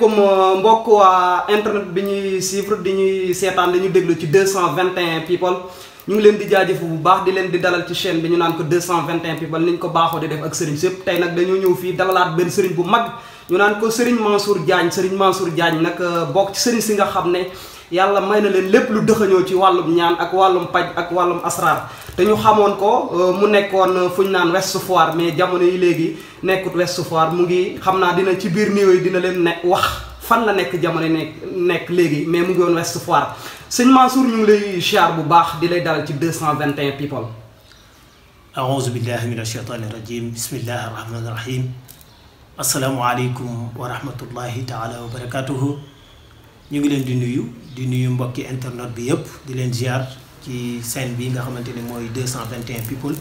comme euh, mbokk waa euh, internet bi ñuy suivre di ñuy seetaan di ñu déglu ci 221 people ñu ngi leen di jaajëfu bu baax di leen di dalal ci chaîne bi ñu naan ko 221 people ni ñu ko baaxoo di def ak sëriñ sépp tey nag dañoo ñëw fii dalalaat benn sëriñ bu mag ñu naan ko sëriñ Mansour Diagne sëriñ Mansour jaañ nag euh, bokk ci sëriñ si nga xam ne yàlla may na leen lépp lu dëxañoo ci wàllum ñaan ak wàllum paj ak wàllum asraar te ñu xamoon ko euh, mu nekkoon euh, fu ñu naan West Foire mais jamono yi léegi nekkut West Foire mu ngi xam naa dina ci biir néew yi dina leen ne wax fan la nekk jamono nekk nekk léegi mais mu ngi woon West Foire sëñ Mansour ñu ngi lay ziar bu baax di lay dalal ci 221 people. aouzu billahi mina shaytaani rajim bismillahi rahmaani rahim asalaamaaleykum wa rahmatullahi taala wa barakaatuhu ñu ngi leen di di nuyu mbokki internet bi yëpp di leen ziar ci scène bi nga xamante ne mooy deux cent 221 people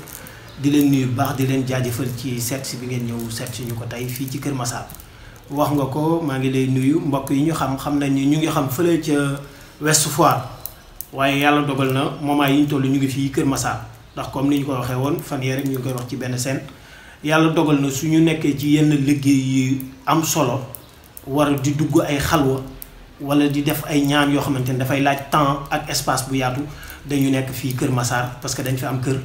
di leen nuyu baax di leen jaajëfal ci seet bi ngeen ñëw seet si ñu ko tey fii ci Kër Massar. wax nga ko maa ngi lay nuyu mbokk yi ñu xam xam nañ ni ñu ngi xam fële ca Ouest Foire waaye yàlla dogal na moment yi ñu toll ñu ngi fii Kër Massar ndax comme ni ñu ko waxee woon fan yee ñu ngi koy wax ci benn scène yàlla dogal na su ñu nekkee ci yenn liggéey yi am solo war di dugg ay xalwa wala di def ay ñaan yoo xamante ni dafay laaj temps ak espace bu yaatu dañu nekk fii Kër Massar parce que dañ fi am kër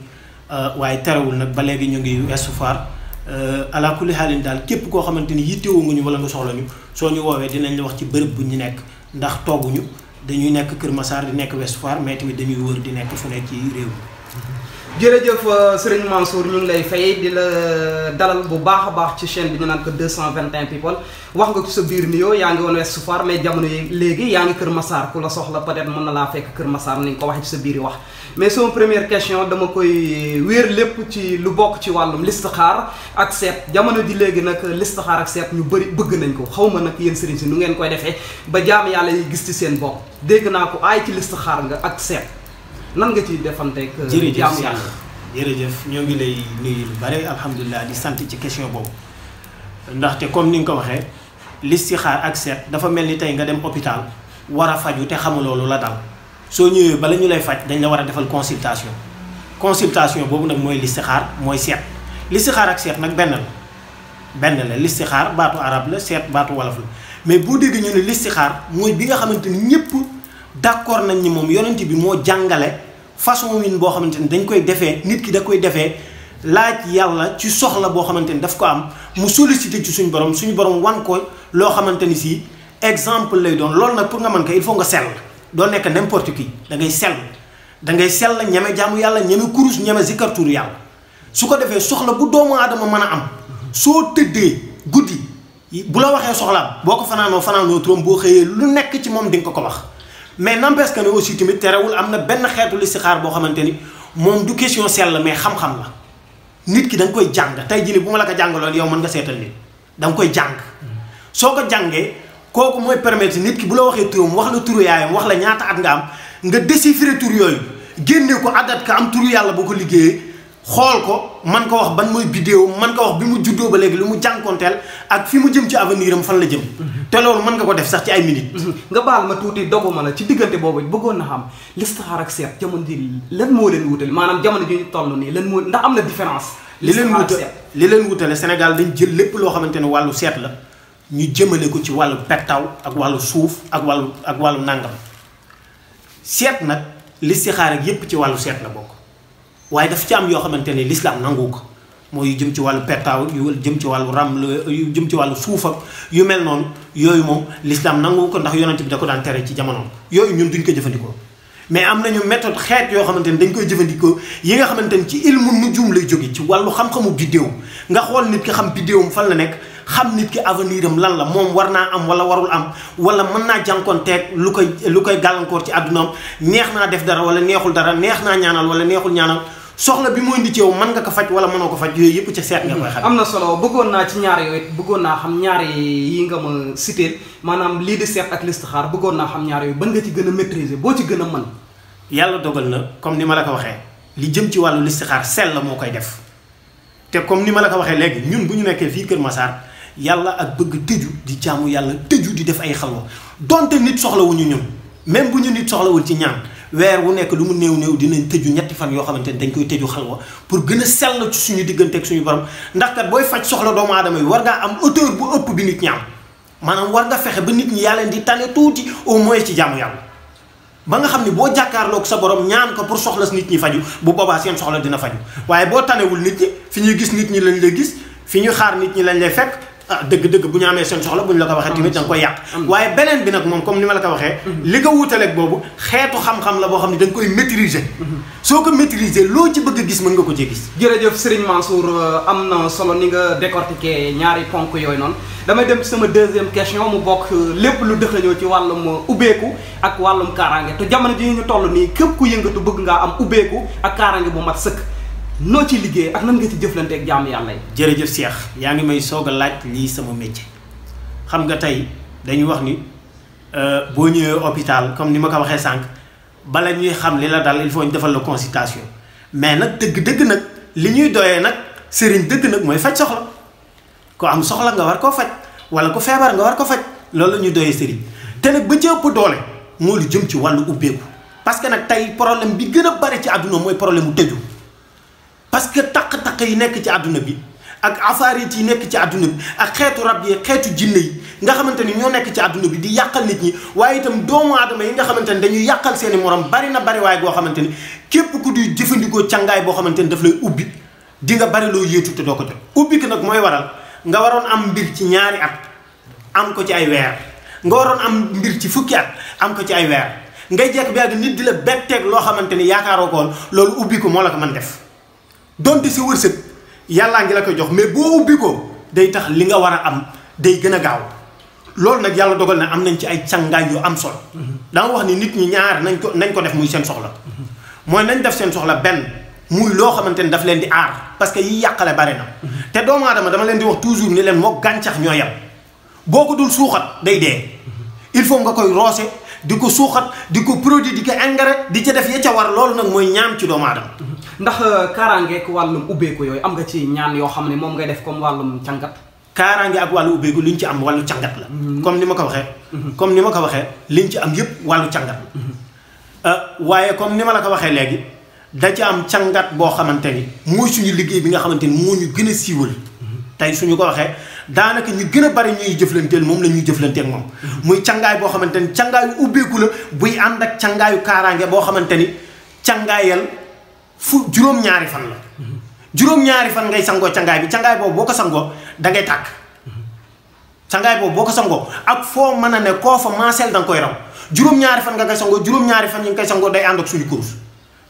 euh, waaye terewul nag ba léegi ñu ngi Ouest Foire euh, ala kulli xaalin daal képp koo xamante ni yittewoo nga ñu wala nga soxla ñu soo ñu woowee dinañ la wax ci bërëb bu ñu nekk ndax tooguñu dañuy nekk Kër Massar di nekk Ouest Foire mais tamit dañuy wër di nekk fu nekk ci réew mi jërëjëf euh, Serigne Mansour ñu ngi lay fay di la euh, dalal bu baax a baax ci chaîne bi ñu naan ko 221 people wax nga ko sa biir ni nuyoo yaa ngi woon Ouest Foire mais jamono yi léegi yaa ngi Kër Massar ku la soxla être mën na laa fekk Kër Massar ni ko waxee ci sa biir wax. mais sama première question dama koy wéer lépp ci lu bokk ci wàllum listixaar ak seet jamono di léegi nag listixaar ak seet ñu bëri bëgg nañ ko xaw ma nag yéen Serigne si nu ngeen koy defee ba jaam yàlla yi gis ci seen bopp dégg naa ko aay ci listixaar nga ak seet. nan nga ciy defanteeg. Euh, jaamu yàlla jërëjëf jërëjëf ñoo ngi lay nuyu lu bare alhamdulilah di sant ci question boobu. ndaxte comme ni nga ko waxee xaar ak seet dafa mel ni tey nga dem hôpital war a faju te xamuloo lu la dal soo ñëwee bala ñu lay faj dañ la war a defal consultation consultation boobu nag mooy listixaar mooy seet listixaar ak seet nag benn la benn la listixaar baatu arab la seet baatu wolof la mais boo déggee ñu ne listixaar mooy bi nga xamante d'accord nañ ni moom yonent bi moo jàngale façon win boo xamante ni dañ koy defee nit ki da koy defee laaj yàlla ci soxla boo xamante ni daf ko am mu sollicité ci suñu borom suñu borom wan ko loo xamante ni si exemple lay doon loolu nag pour nga mën ko il faut nga sell doo nekk n'importe qui da ngay sell dangay ngay sell ñeme jàmm yàlla ñeme kurus ñeme zikartuur yàlla su ko defee soxla bu doomu aadama mën a am soo tëddee guddi bu la waxee soxlaam boo ko fanaanoo fanaanoo turam boo xëyee lu nekk ci moom di ko ko wax mais n'empêche que ne aussi tamit terewul am na benn xeetu listixaar boo xamante ni moom du question sell mais xam-xam la nit ki da koy jàng tey jii bu ma la ko jàngaloon yow man nga seetal nit da nga koy jàng mm-hmm. soo ko jàngee kooku mooy permettre nit ki bu la waxee turam wax la turu yaayam wax la ñaata at nga am nga déchiffrer tur yooyu génne ko adat ka am turu yàlla boo ko liggéeyee xool ko. man ko wax ban mooy vidéo man ko wax bi mu juddoo ba léegi lu mu jànkonteel ak fi mu jëm ci avenir am fan la jëm mhm. te loolu mën nga ko def sax ci ay minutes mhm. nga baal ma tuuti dogu ma la ci diggante boobu bëggoon na xam listixaar ak seet jamono ji lan moo leen wutale maanaam jamono ji ñu toll nii lan moo ndax am na différence li leen wuta li leen wutale Sénégal dañ jël lépp loo xamante ne wàllu seet la ñu jëmale ko ci wàllu pettaw ak wàllu suuf ak wàllu ak wàllu nàngam seet nag listixaar ak yépp ci wàllu seet la bokk waaye daf ci am yoo xamante ne lislaam nangu ko mooy jëm ci wàllu pettaaw yu jëm ci wàllu ram yu jëm ci wàllu suuf yu mel noonu yooyu moom lislaam nangu ko ndax yonent bi da ko daan tere ci jamonoom yooyu ñun duñ ko jëfandikoo mais am nañu méthode xeet yoo xamante ni dañ koy jëfandikoo yi nga xamante ni ci ilmu nujum lay jógee ci wàllu xam-xamu biddéew nga xool nit ki xam biddéewam fan la nekk xam nit ki avenir am lan la moom war naa am wala warul am wala mën naa jànkoonteeg lu koy lu koy gàllankoor ci àddunaam neex naa def dara wala neexul dara neex naa ñaanal wala neexul ñaanal soxla bi mu indi ci yow man nga ko faj wala mënoo ko faj yooyu yëpp ca seet nga koy xam am na solo bëggoon naa ci ñaar yooyu bëggoon naa xam ñaar yi nga ma sitee maanaam lii di seet ak listixaar bëggoon naa xam ñaar yooyu ban nga ci gën a maîtriser boo ci gën a mën yàlla dogal na comme ni ma la ko waxee li jëm ci wàllu listixaar sell la moo koy def te comme ni ma la ko waxee léegi ñun bu ñu nekkee fii Kër Massar yàlla ak bëgg tëju di jaamu yàlla tëju di def ay xalwa donte nit soxlawuñu ñun même bu ñu nit soxlawul ci ñaan weer wu nekk lu mu néew néew dinañ tëju ñetti fan yoo xamante ni dañ koy tëju wa pour gën a sell ci suñu diggante ak suñu borom ndax kat booy faj soxla doomu aadama yi war ngaa am hauteur bu ëpp bi nit ñi am maanaam war nga fexe ba nit ñi yàlla di tane tuuti au moins ci jaamu yàlla ba nga xam ne boo jàkkaarloog sa borom ñaan ko pour soxlas nit ñi faju bu boobaa seen soxla dina faju waaye boo tanewul nit ñi fi ñuy gis nit ñi lañ lay gis fi ñuy xaar nit ñi lañ lay fekk ah dëgg-dëgg bu ñu amee seen soxla bu ñu la ko waxee tamit da nga koy yàq waaye beneen bi nag moom comme ni ma la ko waxee mhm. li ko wuutaleeg boobu xeetu xam-xam la boo xam ne da koy maîtriser mhm. soo ko maîtriser loo ci bëgg gis mën nga ko cee gis jërëjëf Serigne Mansour euh, am na solo ni nga décortiquer ñaari ponk yooyu noonu damay dem ci sama deuxième question mu bokk euh, lépp lu dëx lañoo ci wàllum euh, ubbeeku ak wàllum kaaraangi tu jamono ji ñu toll nii képp ku yëngatu bëgg ngaa am ubbeeku ak kaaraange bu mat sëkk noo ci liggéey ak nan nga ci jëflante ak jaamu yàlla yi. jërëjëf Cheikh yaa ngi may soog laaj lii sama métier xam nga tey dañuy wax ni euh, boo ñëwee hôpital comme ni ma ko waxee sànq bala ñuy xam li la dal il faut ñu defal na consultation mais nag dëgg-dëgg nag li ñuy doyee nag sëriñ dëgg nag mooy faj soxla ko am soxla nga war koo faj wala ko feebar nga war ko faj loolu la ñuy doyee sëriñ te nag ba ci doole moo lu jëm ci wàllu ubbeeku parce que nag tey problème bi gën a bari ci àdduna mooy problème mu tëju. parce que taq-taq yi nekk ci àdduna bi ak afaarit yi nekk ci àdduna bi ak xeetu rab yi xeetu jinne yi nga xamante ni ñoo nekk ci àdduna bi di yàqal nit ñi waaye itam doomu aadama yi nga xamante ni dañuy yàqal seeni morom bari na bari waaye goo xamante ni képp ku di jëfandikoo cangaay boo xamante ni daf lay ubbi di nga bari loo yéetu te doo ko jot ubbi ki nag mooy waral nga waroon am mbir ci ñaari at am ko ci ay weer nga waroon am mbir ci fukki at am ko ci ay weer ngay jekk bi ak nit di la betteeg loo xamante ni yaakaaroo loolu ubbi ko moo la ko def donte si wërsëg yàllaa ngi la koy jox mais boo ubbi ko day tax li nga war a am day gën a gaaw loolu nag yàlla dogal na am nañ ci ay càngaay yu am solo. dama wax ni nit ñi ñaar nañ ko nañ ko def muy seen soxla. mooy nañ def seen soxla benn muy loo xamante ni daf leen di aar parce que yi yàqale bare na. te doomu aadama dama leen di wax toujours ni leen moo gàncax ñoo yam boo ko dul suuxat day dee il faut nga koy roose. di ko suuxat di ko produit di ko engrais di ca def ya ca war loolu nag mooy ñaam ci doomaatam aadama mhm. ndax euh, kaaraangeek wàllum ubbeeku yooyu am nga ci ñaan yoo xam ne moom ngay def comme wàllum càngat kaaraange ak wàllu ubbeeku li ñu ci am wàllu càngat la mhm. comme ni ma ko waxee mhm. comme ni ma ko waxee liñ ci am yëpp wàllu càngat la euh, waaye comme ni ma la ko waxee léegi da ci am càngat boo xamante ni mooy suñu liggéey bi nga xamante ni moo ñu gën a siiwal tey su ñu ko waxee daanaka ñu gën a bari ñuy jëflanteel moom la ñuy jëflanteeg moom. muy càngaay boo xamante ni cangaayu ubbeeku la buy ànd ak cangaayu kaaraange boo xamante ni cangaayal fu juróom-ñaari fan la. juróom-ñaari fan ngay sangoo cangaay bi cangaay boobu boo ko sangoo da ngay tàkk. cangaay boo ko sangoo ak foo mën a ne koo fa maaseel da nga koy ñaari fan nga koy sangoo juróom-ñaari fan yi nga koy sangoo day ànd ak suñu kurus.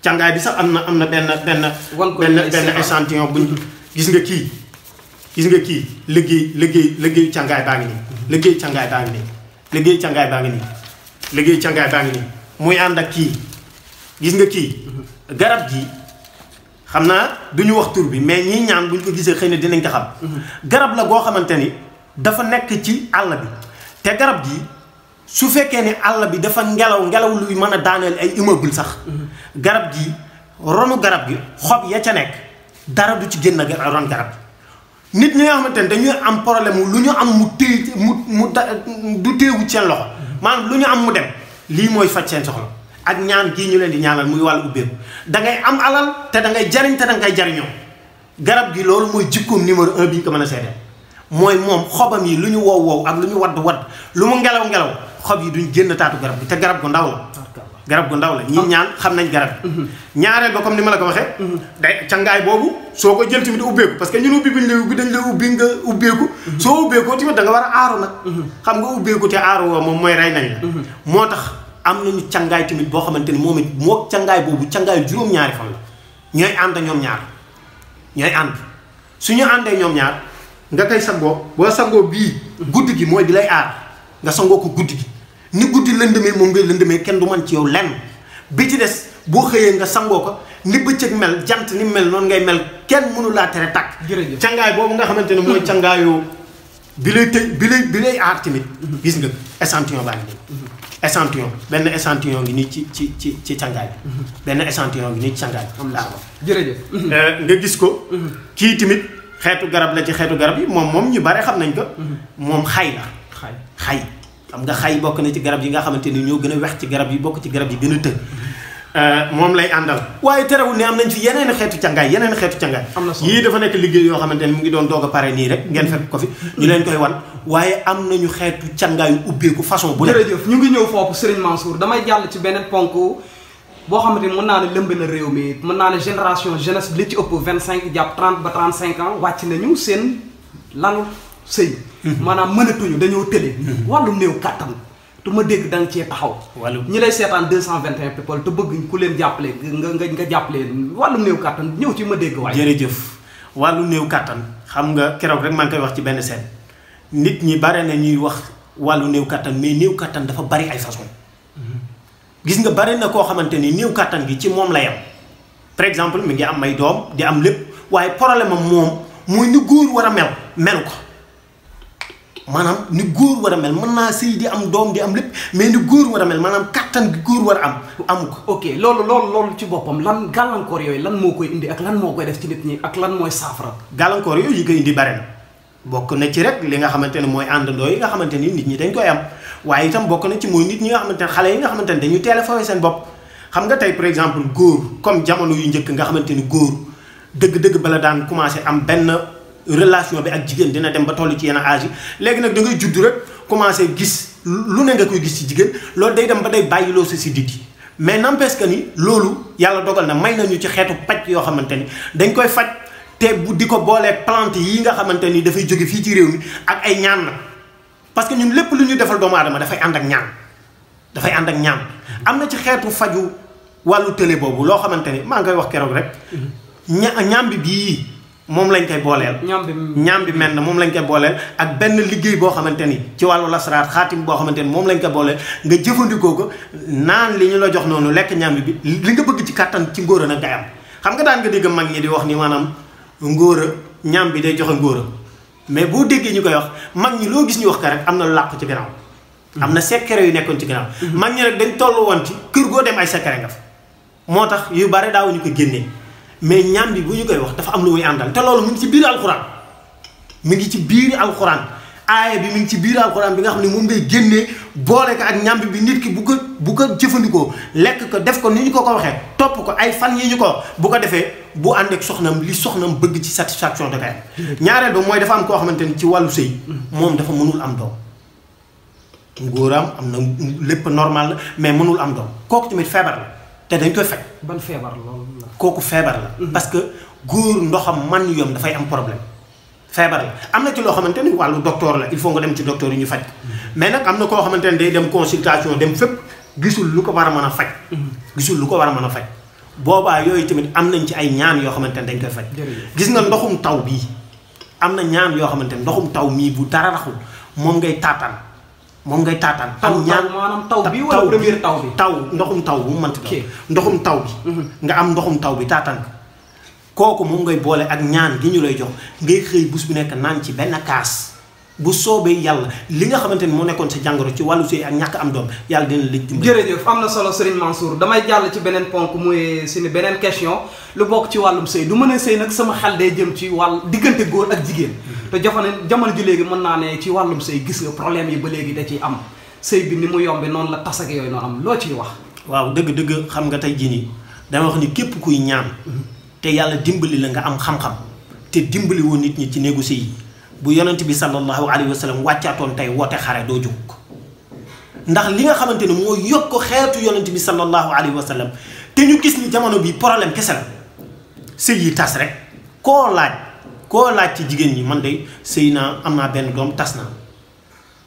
cangaay bi sax am na am na benn benn. benn benn échantillon buñ gis nga kii. gis nga kii liggéey liggéey liggéeyu càngaay baa ngi nii liggéeyu càngaay baa ngi nii liggéeyu càngaay baa ngi nii liggéeyu càngaay baa ngi muy ànd ak kii gis nga kii garab gi xam naa duñu wax tur bi mais ñi ñaan buñ ko gisee xëy na dinañ ko xam garab la goo xamante ni dafa nekk ci àll bi te garab gi su fekkee ne àll bi dafa ngelaw ngelaw luy mën a daaneel ay uma immeuble sax garab gi ronu garab gi xob ya ca nekk dara du ci génn ron garab nit ñi nga xamante ne dañuy am problème wu lu ñu am mu téye mu mu da du téewu seen loxo maanaam lu ñu am mu dem lii mooy faj seen soxla ak ñaan gii ñu leen di ñaanal muy wàllu ubbeeku da ngay am alal te da ngay jariñ te da ngay jariñoo garab gi loolu mooy jikkoom numéro un bi ñu ko mën a seede mooy moom xobam yi lu ñu wow wow ak lu ñu wadd wadd lu mu ngelaw ngelaw xob yi duñ génn taatu garab bi te garab gu ndaw la garab gu ndaw la ñi oh. ñaan xam nañ garab mm-hmm. ñaareel ba comme ni ma la ko waxee mm-hmm. day cangaay boobu soo ko jël tamit ubbeeku parce que ñun ubbi biñ la ubbi dañ la ubbi nga ubbeeku mm-hmm. soo ubbeekoo tamit da nga war a aaru nag xam nga ubbeeku te aaru woo moom mooy rey nañ la moo tax am nañu cangaay tamit boo xamante ni moom it moo cangaay boobu càngaay juróom-ñaari fan la ñooy ànd ñoom ñaar ñooy ànd ñu àndee ñoom ñaar nga koy sangoo boo sangoo bii guddi gi mooy bi lay aar nga sangoo ko guddi gi ni guddi lëndëmee moom ngay lëndëmee kenn du man ci yow lenn bi ci des boo xëyee nga sangoo ko ni bëccëg mel jant ni mel noonu ngay mel kenn mënu laa tere tàkk. jërëjëf cangaay boobu nga xamante ne mooy cangaayu bi lay tëj bi lay bi lay aar tamit. Mhm. gis nga échantillon baa ngi nii. Mhm. échantillon benn échantillon ngi nii ci ci ci ci cangaay bi. Mhm. benn échantillon ngi nii cangaay euh, nga gis ko. kii tamit xeetu garab la ci xeetu garab yi moom moom ñu bare xam nañ ko. moom xay la. xay. xam nga xay bokk na ci garab yi nga xamante ni ñoo gën a wex ci garab yi bokk ci garab yi gën a të euh, moom lay àndal waaye terewul ne am nañ fi yeneen xeetu càngaay yeneen xeetu càngaay yii dafa nekk liggéey yoo xamante ni mu ngi doon doog a pare nii rek ngeen fekk ko fi ñu leen koy wan waaye am nañu xeetu càngaayu ubbeeku façon bu ne jërëjëf ñu ngi ñëw foofu Serigne Mansour damay jàll ci beneen ponk boo xamante ni mën naa ne lëmb na réew mi mën naa ne génération jeunesse li ci ëpp vingt cinq jàpp trente ba trente cinq ans wàcc nañu seen lalu sëy mhm. maanaam mënatuñu dañoo tële mhm. wàllum néew kàttan du ma dégg da cee taxaw ñi lay seetaan 221 people te bëgg ku leen jàppale nga nga nga jàppale wàllum néew kàttan ñëw ci ma dégg waaye jërëjëf wàllu néew kàttan xam nga keroog rek maa ngi koy wax ci benn seen nit ñi bare na ñuy wax wàllu néew kàttan mais néew kàttan dafa bari ay façon mhm. gis nga bari na koo xamante ni néew kàttan gi ci moom la yam par exemple mi ngi am ay doom di am lépp waaye problème am moom mooy ni góor war a mel melu ko maanaam ni góor war a mel mën naa sëy di am doom di am lépp mais ni góor war a mel maanaam kattan gi góor war a am amu ko. ok loolu loolu loolu ci boppam lan gàllankoor yooyu lan moo koy indi ak lan moo koy def ci nit ñi ak lan mooy saafara. gàllankoor yooyu yi koy indi bare na bokk na ci rek li nga xamante ne mooy àndandoo yi nga xamante ni nit ñi dañ koy am waaye itam bokk na ci mooy nit ñi nga xamante ne xale yi nga xamante ne dañu téléphoné seen bopp xam nga tey par exemple góor comme jamono yu njëkk nga xamante ni góor dëgg-dëgg bala daan commencé am benn relation bi ak jigéen dina dem ba toll ci yenn âge léegi nag da ngay judd rek commencé gis lu ne nga koy gis ci jigéen loolu day dem ba day bàyyiloo sa si didi mais n'empêche que ni loolu yàlla dogal na may nañu ci xeetu paj yoo xamante ni dañ koy faj te bu di ko boolee plante yi nga xamante ni dafay jóge fii ci réew mi ak ay ñaan na parce que ñun lépp lu ñuy defal doomu aadama dafay ànd ak ñaan dafay ànd ak ñaan am na ci xeetu faju wàllu télé boobu loo xamante ni maa ngi koy wax keroog rek mm-hmm. ña bi bii moom lañ koy booleel. ñaam bi ñaam bi mel na moom lañ koy booleel ak benn liggéey boo xamante ni ci wàllu lasaraat xaatim boo xamante ni moom lañ koy booleel nga jëfandikoo ko naan li ñu la jox noonu lekk ñaam bi li nga bëgg ci kàttan ci ngóora nag ngay am. xam nga daan nga dégg mag ñi di wax ni maanaam ngóora ñaam bi day joxe ngóora mais boo déggee ñu koy wax mag ñi loo gis ñu wax ko rek am na lu làqu ci gannaaw. am na secret yu nekkoon ci gannaaw. Mm-hmm. mag ñi rek dañ toll woon ci kër goo dem ay secret nga fa moo tax yu bare daawuñu ko génnee mais ñaan bi bu ñu koy wax dafa am lu muy àndal te loolu mu ngi ci biir alxuraan mu ngi ci biir alxuraan aaya bi mu ngi ci biir alxuraan bi nga xam ne moom ngay génnee boole ko ak ñàmbi bi nit ki bu ko bu ko jëfandikoo lekk ko def ko ni ñu ko ko waxee topp ko ay fan yi ñu ko bu ko defee bu ànd ak soxnam li soxnam bëgg ci satisfaction da koy am ñaareel ba mooy dafa am koo xamante ni ci wàllu sëy moom dafa mënul am doom ngóoraam am na lépp normal la mais mënul am doom kooku tamit feebar te dañ koy faj. ban feebar loolu kooku feebar la. Mhm. parce que góor ndoxam man yoom dafay am problème. feebar la am na ci loo xamante ni wàllu docteur la il faut nga dem ci docteur yi ñu faj. Mhm. mais nag am na koo xamante ne day dem consultation dem fépp gisul lu ko war a mën a faj. Mhm. gisul lu ko war a mën a faj. boobaa yooyu tamit am nañ ci ay ñaan yoo xamante ne dañ koy faj. gis nga ndoxum taw bii am na ñaan yoo xamante ne ndoxum taw mii bu dara raxul moom ngay taataan. moom ngay taataan. am ñaan maanaam taw bi la première taw bi taw ndoxum taw bu mu mënti doon. ndoxum taw bi. Mhm. nga am ndoxum taw bi taataan kooku moom ngay boole ak ñaan gi ñu lay jox ngay xëy bus bu nekk naan ci benn kaas bu soobee yàlla li nga xamante ni moo nekkoon sa jàngoro ci wàllu sëy ak ñàkk am doom yàlla dina la dimbali. jërëjëf am na solo Serigne Mansour damay jàll ci beneen ponk muy suñu beneen question lu bokk ci wàllum sëy du mën a sëy nag sama xel day jëm ci wàll diggante góor ak jigéen. te jamono jamono ji léegi mën naa ne ci wàllum sëy gis nga problème yi ba léegi da ciy am sëy bi ni mu yombe noonu la tas ak yooyu noonu am loo ciy wax waaw dëgg-dëgg xam nga tey jii nii dama wax ni képp kuy ñaam te yàlla dimbali la nga am xam-xam te dimbali woon nit ñi ci négocier yi bu yonent bi sallallahu alayhi wa sallam wàccaatoon tey woote xare doo jóg ndax li nga xamante ne moo yokk ko xeetu yonent bi sallallahu alayhi wa sallam te ñu gis ni jamono bi problème kese la yi tas rek koo koo laaj ci jigéen ñi man de sëy naa am naa benn doom tas naa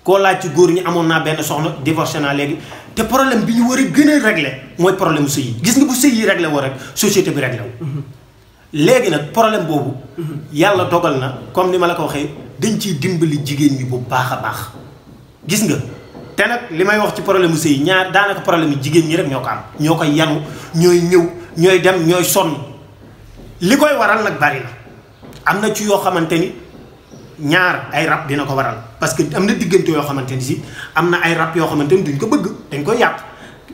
koo laaj ci góor ñi amoon naa benn soxna divorcé naa léegi te problème bi ñu war a gën a réglé mooy problème mu sëy yi gis nga bu sëy yi réglé woo rek société bi réglé wu. léegi nag problème boobu. yàlla dogal na comme ni ma la ko waxee dañ ciy dimbali jigéen ñi bu baax a baax gis nga. te nag li may wax ci problème mu sëy ñaar daanaka problème yi jigéen ñi rek ñoo ko am ñoo koy yanu ñooy ñëw ñooy dem ñooy sonn li koy waral nag bari na am na ci yoo xamante ni ñaar ay rab dina ko waral parce que am na diggante yoo xamante ni si am na ay rab yoo xamante ni duñ ko bëgg dañ koy yàq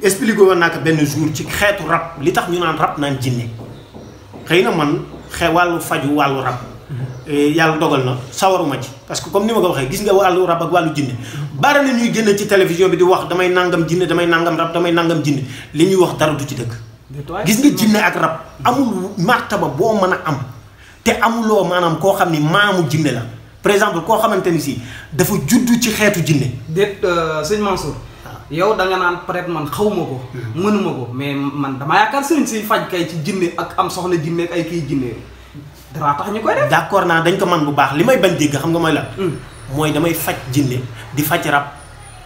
expliqué woon naa ko benn jour ci xeetu rab li tax ñu naan rab naan jinne xëy na man xe wàllu faju wàllu rab eh, yàlla dogal na sawaruma ci parce que comme ni ma ko waxee gis nga wàllu rab ak wàllu jinne bari na ñuy génn ci télévision bi di wax damay nangam jinne damay nangam rab damay nangam jinne li ñuy wax dara du ci dëgg gis nga jinne ak rab amul martaba boo mën a am te amuloo maanaam koo xam ni maamu jinne la par exemple koo xamante ni si dafa juddu ci xeetu jinne déet euh, sëñ Mansour ah. yow da nga naan peut-être man xawuma ko hmm. mënuma ko mais man damaa yaakaar sëriñ si faj kay ci jinne am soxla jinne ak ay kii jinne dara tax ñu koy def d'accord naa dañ ko man bu baax li may bañ dégg xam nga mooy la hmm. mooy damay faj jinne di faj rab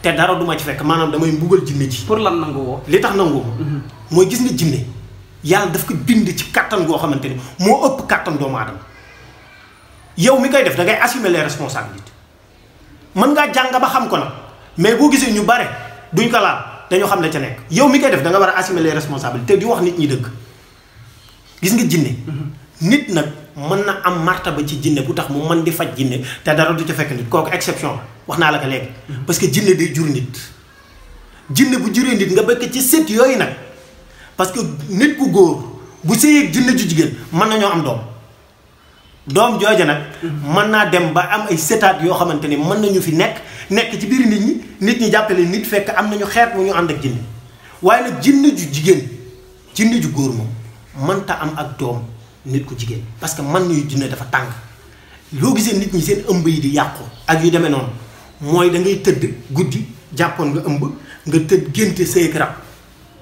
te dara du ma ci fekk maanaam damay mbugal jinne ji pour lan nangu woo li tax nangu hmm. mooy gis nga jinne yàlla daf ko bind ci kattan goo xamante ni moo ëpp kattan doomu aadama yow mi koy def da ngay assumer les responsabilités mën ngaa jàng ba xam ko nag mais boo gisee ñu bare duñ ko laal dañoo xam ne ca nekk yow mi koy def danga nga war a assumer les responsabilités di wax nit ñi dëgg gis nga jinne mm-hmm. nit nag mën na am ba ci jinne bu tax mu mën di faj jinne te dara du ca fekk nit kooku exception la wax naa la ko léegi mm-hmm. parce que jinne day jur nit jinne bu juree nit nga bëgg ci set yooyu nag parce que nit ku góor bu sëyeeg jinne ju jigéen mën nañoo am doom doom jooja nag mën naa dem ba am ay setaat yoo xamante ni mën nañu fi nekk nekk ci biir nit ñi nit ñi jàppale nit fekk am nañu xeet mu ñu ànd ak jinne waaye nag jinne ju jigéen jinne ju góor moom mënta am ak doom nit ku jigéen parce que mën nañu jinne dafa tàng loo gisee nit ñi seen ëmb yi di yàqu ak yu demee noonu mooy da ngay tëdd guddi jàppoon nga ëmb nga tëdd génte say rab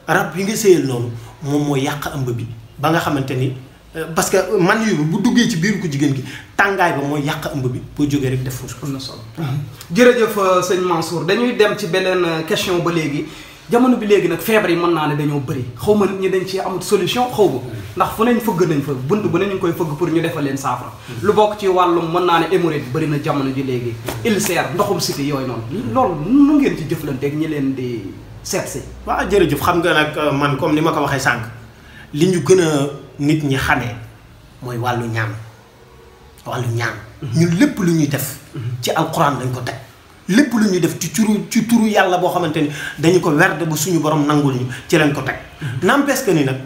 rab yi nga sëyal noonu moom moo yàq ëmb bi ba nga xamante ni euh, parce que man yu bu duggee ci biir ku jigéen gi tàngaay ba mooy yàq ëmb bi boo jógee rek def fausse couche. am na solo mhm. jërëjëf euh, sëñ Mansour dañuy dem ci beneen euh, question ba léegi jamono bi léegi nag feebar yi mën naa ne dañoo bëri xaw ma nit ñi dañ ci amut solution xaw ma ndax fu nañ fëgg nañ fa bunt bu ne ñu koy fëgg pour ñu defal leen saafara. Mhm. lu bokk ci wàllum mën naa ne hémorroïde bëri na jamono ji léegi. Mhm. ulcère ndoxum siti yooyu noonu. loolu nu ngeen ci jëflanteeg leen di. seet si. waaw jërëjëf xam nga nag euh, man comme ni ma ko waxee sànq li ñu gën a nit ñi xamee mooy wàllu ñaan wàllu ñaan. Mhm. ñu lépp lu ñuy def. Mhm. ci alxuraan dañ ko teg. lépp lu ñuy def ci turu ci turu yàlla boo xamante ni dañu ko werd ba suñu borom nangul ñu ci lañ ko teg. Mhm. n'empêche que ni nag.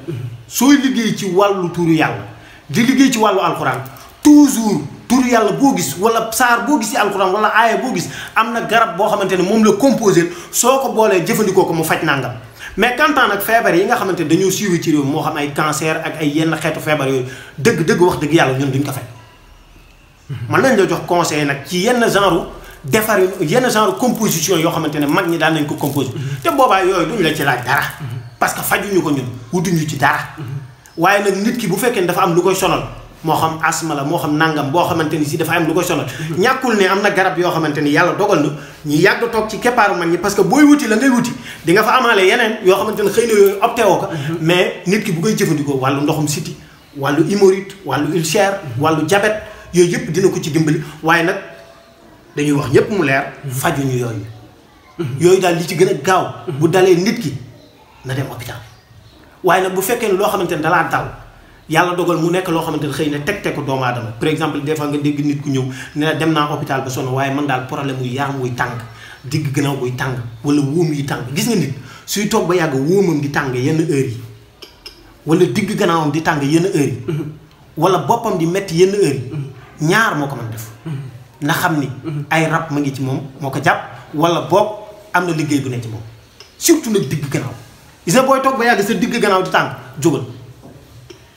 sooy liggéey ci wàllu turu yàlla di liggéey ci wàllu alxuraan toujours. tur yàlla boo gis wala saar boo gis ci alxuraan wala aaya boo gis am na garab boo xamante ne moom la composé soo ko boolee jëfandikoo ko mu faj nangam mais kantaan nag feebar yi nga xamante ne dañoo suivi ci moo xam ay cancer ak ay yenn xeetu feebar yooyu dëgg dëgg wax dëgg yàlla ñun duñ ko faj mën nañ la jox conseil nag ci yenn genre defar yenn genre composition yoo xamante ne mag ñi daal nañ ko composé te boobaa yooyu duñ la ci laaj dara parce que fajuñu ko ñun wutuñu ci dara waaye nag nit ki bu fekkee dafa am lu koy sonal moo xam asma la moo xam nangam boo xamante ni si dafa am lu ko sonal ñàkkul ne am na garab yoo xamante ni yàlla dogal na ñu yàgg toog ci keppaaru mag ñi parce que booy wuti la ngay wuti di nga fa amaale yeneen yoo xamante ne xëy na yooyu opté woo ko mhm. mais nit ki bu koy jëfandikoo wàllu ndoxum siti wàllu hémorroïde wàllu ulcère wàllu diabète yooyu yëpp dina ko ci dimbali waaye nag dañuy wax ñëpp mu leer faj mhm. fajuñu yooyu mhm. yooyu daal li ci gën a gaaw bu dalee nit ki na dem hôpital waaye nag bu fekkee ne loo xamante ne dalaa dal yàlla dogal mu nekk loo xamante ne xëy na teg teg ko doomu aadama par exemple des fois nga dégg nit ku ñëw ne dem naa hôpital ba sonn waaye man daal problème muy yaram wuy tàng digg gannaaw buy tàng wala wóom yi tàng gis nga nit suy toog ba yàgg wóomam di tàng yenn heures yi wala digg gannaawam di tàng yenn heures yi mhm. wala boppam di métti yenn heures yi mhm. ñaar moo ko mën def mhm. na xam ni ay rab ma ngi ci moom moo ko jàpp wala boog am na liggéey bu ne ci moom surtout nag digg gannaaw gis nga booy toog ba yàgg sa digg gannaaw di tàng jógal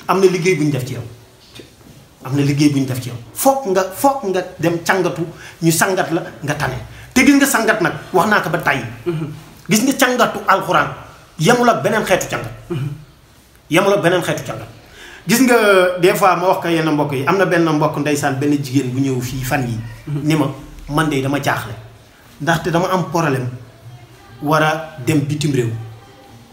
am na liggéey bu ñu def ci yow am na liggéey bu ñu def ci yow foog nga foog nga dem càngatu ñu sangat la nga tane te gis nga sangat nag wax naa ko ba tàyyi mhm. gis nga càngatu alxuraan yemul ak beneen xeetu càngat mhm. yemul ak beneen xeetu càngat gis nga des fois ma wax ko yenn mbokk yi am na benn mbokk ndeysaan benn jigéen bu ñëw fii fan yi mhm. ni ma man de dama jaaxle ndaxte dama am problème war a dem bitim réew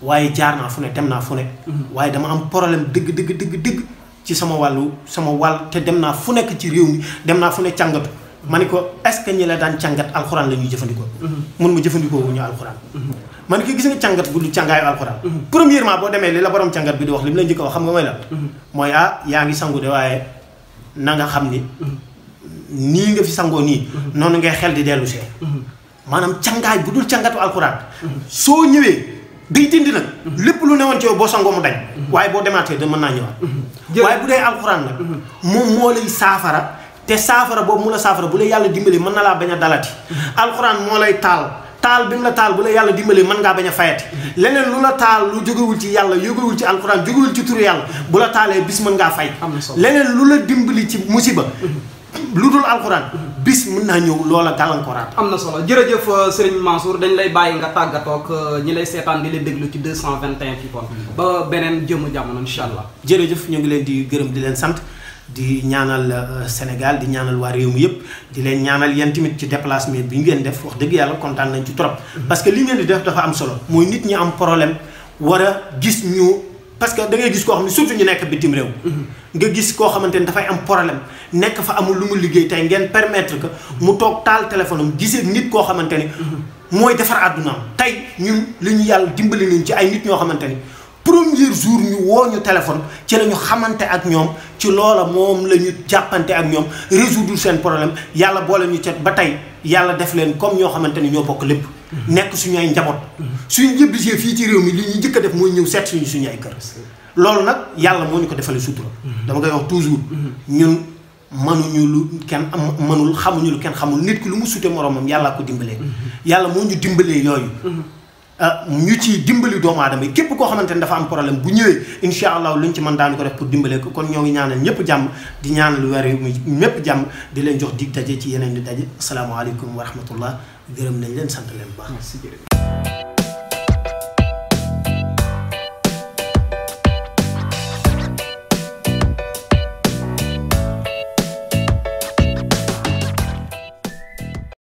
waaye jaar naa fu ne dem naa fu ne. Mhm. waaye dama am problème dëgg dëgg dëgg dëgg ci sama wàllu sama wàll te dem naa fu nekk ci réew mi dem naa fu ne càngatu. ma ne ko est-ce que la daan càngat alxuraan la ñuy jëfandikoo. Mhm. mun ma jëfandikoo wu ñu alxuraan. Mhm. ko gis càngat bu dul càngaayu alxuraan. premièrement boo demee li la borom càngat bi di wax li mu la njëkk a wax xam nga mooy lan. mooy ah yaa ngi sangu de waaye nanga xam ni. nii nga fi sangoo nii. noonu ngay xel di dellu see. maanaam càngaay bu dul càngatu alxuraan. soo ñëwee. day dindi nag lépp lu newoon ci boo sa sangoo mu dañ waaye boo demaatee da mën naa ñëwaat waaye bu dee alxuraan nag moom moo lay saafara te saafara boobu mu la saafara bu la yàlla dimbali mën na laa bañ a dalati alxuraan moo lay taal taal bi mu taal bu la yàlla dimbali mën ngaa bañ a fayati leneen lu na taal lu jógewul ci yàlla jógewul ci alxuraan jógewul ci turu yàlla bu la taalee bis mën ngaa fay leneen lu la dimbali ci musiba lu dul alxuraan bis mën naa ñëw loola gàllankooraat. am na solo jërëjëf euh, sëriñ Mansour dañ lay bàyyi nga tàggatoog euh, ñi lay seetaan di la déglu ci cent vingt 221 People ba beneen jëmu jamono incha allah. jërëjëf ñu ngi leen di gërëm di leen sant di ñaanal euh, Sénégal di ñaanal waa réew mi yëpp di leen ñaanal yéen tamit ci déplacement bi ngeen def wax dëgg yàlla kontaan nañ ci trop. Mhm. parce que li ngeen di def dafa am solo. mooy nit ñi am problème war a gis ñu. parce que da ngay gis koo xam ne surtout ñu nekk bitim réew. nga gis koo xamante ni dafay am problème nekk fa amul lu mu liggéey tey ngeen permettre que mu toog taal téléphone am gisee nit koo xamante ni. mooy defar àddunaam tey ñun li ñu yàlla dimbali nañ ci ay nit ñoo xamante ni. premier jour ñu woo ñu téléphone ci la ñu xamante ak ñoom ci loola moom la ñu jàppante ak ñoom résoudre seen problème yàlla boole ñu ca ba tey yàlla def leen comme ñoo xamante ni ñoo bokk lépp. Mhm. nekk suñu ay njaboot. suñu ñibbisee fii ci réew mi li ñu njëkk def mooy ñëw seet suñu suñu ay kër. loolu nag yàlla moo ñu ko defalee sutura. Mhm. dama koy wax toujours. Mhm. ñun mënuñu lu kenn am mënul xamuñu lu kenn xamul nit ki lu mu sute moromam yàlla ko dimbalee. yàlla moo ñu dimbalee yooyu. Euh, ñu ci dimbali doomu aadama yi képp koo xamante ne dafa am problème bu ñëwee incha allah luñ ci man daan ko def pour dimbale ko kon ñoo ngi ñaanal ñëpp jàmm di ñaanal weer yu ñëpp jàmm di leen jox dig daje ci yeneen di daje asalaamaaleykum wa rahmatullah gërëm nañ leen sant leen bu baax.